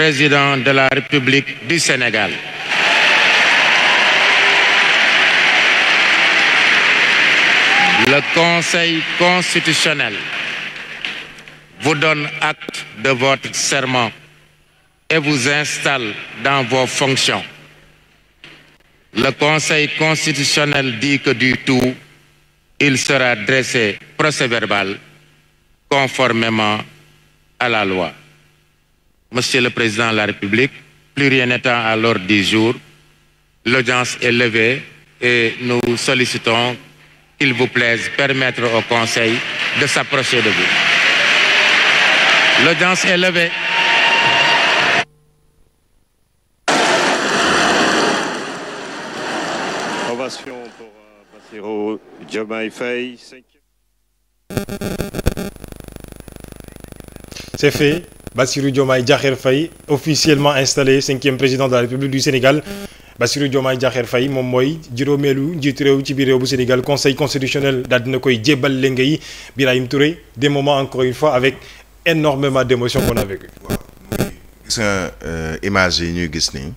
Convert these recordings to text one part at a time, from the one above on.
président de la République du Sénégal. Le Conseil constitutionnel vous donne acte de votre serment et vous installe dans vos fonctions. Le Conseil constitutionnel dit que du tout, il sera dressé procès-verbal conformément à la loi. Monsieur le Président de la République, plus rien n'étant à l'ordre du jour, l'audience est levée et nous sollicitons qu'il vous plaise permettre au Conseil de s'approcher de vous. L'audience est levée. Ovation pour euh, Bassiro Diomaye Faye. C'est fait. Bassirou Diomaye Diakhar Faye officiellement installé cinquième président de la République du Sénégal Bassirou Diomaye Diakhar Faye moom mooy juróomeelu njiitu réew ci biir réew bu Sénégal conseil constitutionnel daal dina koy jébbal lenge yi Birahim Touré des moments encore une fois avec énormément d'émotion euh, yi ñuy gis nii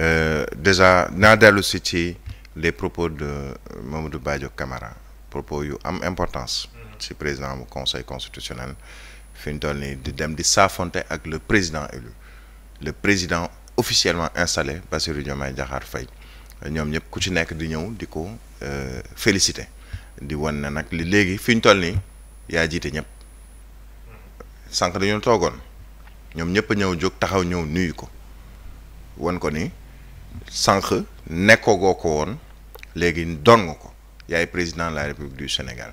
euh, déjà naa dellu ci les propos de euh, Mamadou Badio Camara propos yu am importance. ci président bu conseil constitutionnel. fi ñu toll nii di dem di saafonte ak le président élu le président officiellement installé Bassirou Diomaye jaxaar fay ñoom ñëpp ku ci nekk di ñëw di ko euh, félicité di wan na nag li léegi fi ñu toll nii yaa jiite ñëpp sànq dañoo toogoon ñoom ñëpp a ñëw jóg taxaw ñëw nuyu ko wan ko ni sànq nekkoo goo ko woon léegi doon ko yaay président la république du Sénégal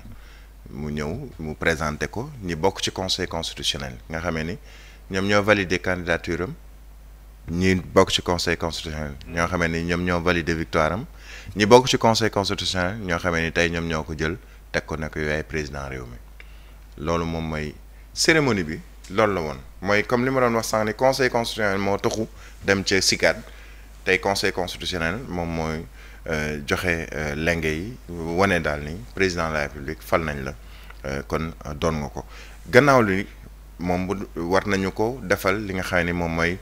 mu ñëw mu présenté ko ñi bokk ci conseil constitutionnel nga xamee ni ñoom ñoo validé candidature am ñi bokk ci conseil constitutionnel ñoo xamee ni ñoom ñoo validé victoire am ñi bokk ci conseil constitutionnel ñoo xamee ni tey ñoom ñoo ko jël teg ko nekk yooyu ay président réew mi loolu moom mooy cérémonie bi loolu la woon mooy comme li ma doon wax sànq ni conseil constitutionnel moo taxu dem ca CICAD tey conseil constitutionnel moom mooy Euh, joxe euh, lenge yi wane daal ni président de la république fal nañ la euh, kon doon nga ko gannaaw li moom bu war nañu ko defal li nga xam ni moom mooy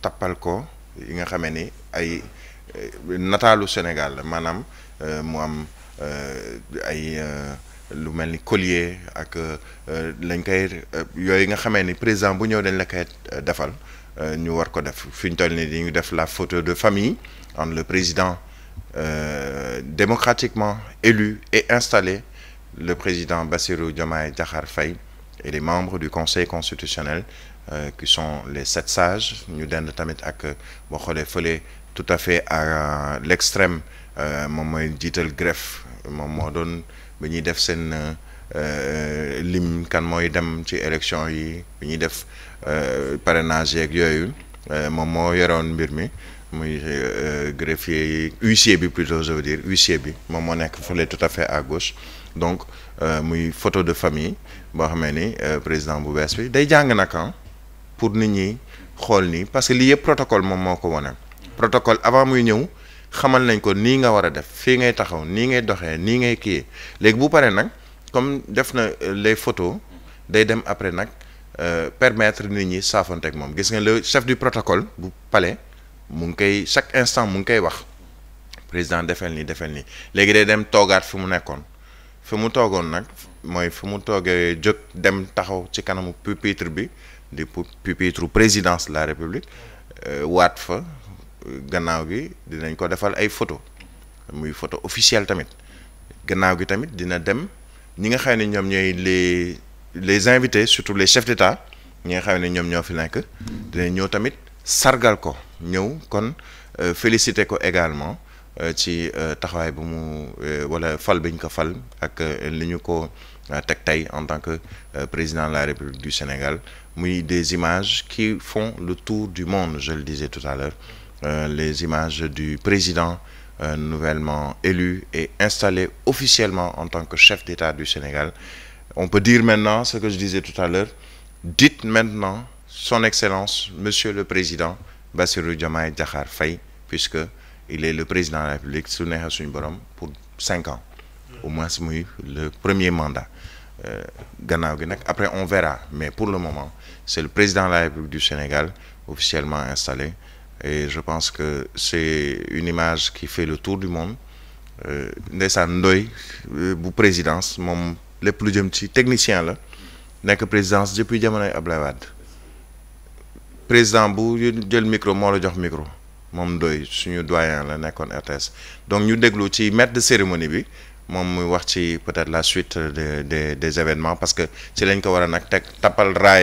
tappal ko yi nga xame ni ay nataalu senegal la maanaam mu am ay. lu mel ni collier ak euh, lañ koy euh, yooyu nga xamee ni président bu ñëw dañ la koy euh, defal ñu war ko def fi ñu toll nii dañuy def la photo de famille entre le président euh, démocratiquement élu et installé le président basiru Diomaye Diakhar Faye et les membres du conseil constitutionnel euh, qui sont les sept sages ñu dend tamit ak boo xoolee fële tout à fait à l'extrême moom mooy jiital greffe moom moo doon ba ñuy def seen euh, euh, lim kan mooy dem ci élection yi bu ñuy def euh, parrainage yeeg yooyu moom moo yoroon mbir mi muy greffier yi huissier bi plutôt je veux dire huissier bi moom moo nekk fële tout à fait à gauche donc muy photo de famille boo xamee ni président bu bees bi day jàng nag ah, pour nit ñi xool nii parce que lii yëpp protocole moom moo ko wane protocole avant muy ñëw xamal nañ ko nii nga war a def fii ngay taxaw nii ngay doxee nii ngay kii léegi bu paree nag comme def na euh, les photo day dem après nag euh, permettre nit ñi saafonteeg moom gis nga le chef du protocole bu palais mu ngi koy chaque instant mu ngi koy wax président defel nii defel nii léegi day dem toogaat fi mu nekkoon fi mu toogoon nag mooy fi mu toogee jóg dem taxaw ci kanamu pupitre bi di pupitre présidence de la république euh, waat fa gannaaw gi dinañ ko defal ay photo muy photo officielle tamit gannaaw gi tamit dina dem ñi nga xam ne ñoom ñooy les les invités surtout les chefs d'État ñi nga xam ne ñoom ñoo fi nekk dina ñëw tamit sargal ko ñëw kon euh, féliciter ko également euh, ci euh, taxawaay bu mu wala fal bi ñu ko fal ak li ñu ko teg tey en tant que président la République du Sénégal muy des images qui font le tour du monde je le disais tout à l'heure Euh, les images du président euh, nouvellement élu et installé officiellement en tant que chef d'État du Sénégal. On peut dire maintenant ce que je disais tout à l'heure. Dites maintenant, Son Excellence, Monsieur le Président, Bassirou Diomaye Diakhar fay puisque il est le président de la République su neexee suñu borom pour cinq ans. au moins muy le premier mandat. Euh, gannaaw gi nag après on verra mais pour le moment c'est le président de la République du Sénégal officiellement installé. et je pense que c'est une image qui fait le tour du monde euh, ndeysaan ndoy euh, bu présidence moom lépp lu jëm ci technicien la nekk présidence depuis jamonoy Ablaye Wade président bu jël micro moo la jox micro moom ndoy suñu doyen la nekkoon RTS donc ñu déglu ci maître de cérémonie bi moom muy wax ci peut-être la suite des des des événements parce que ci lañ ko war a nag teg tappal raay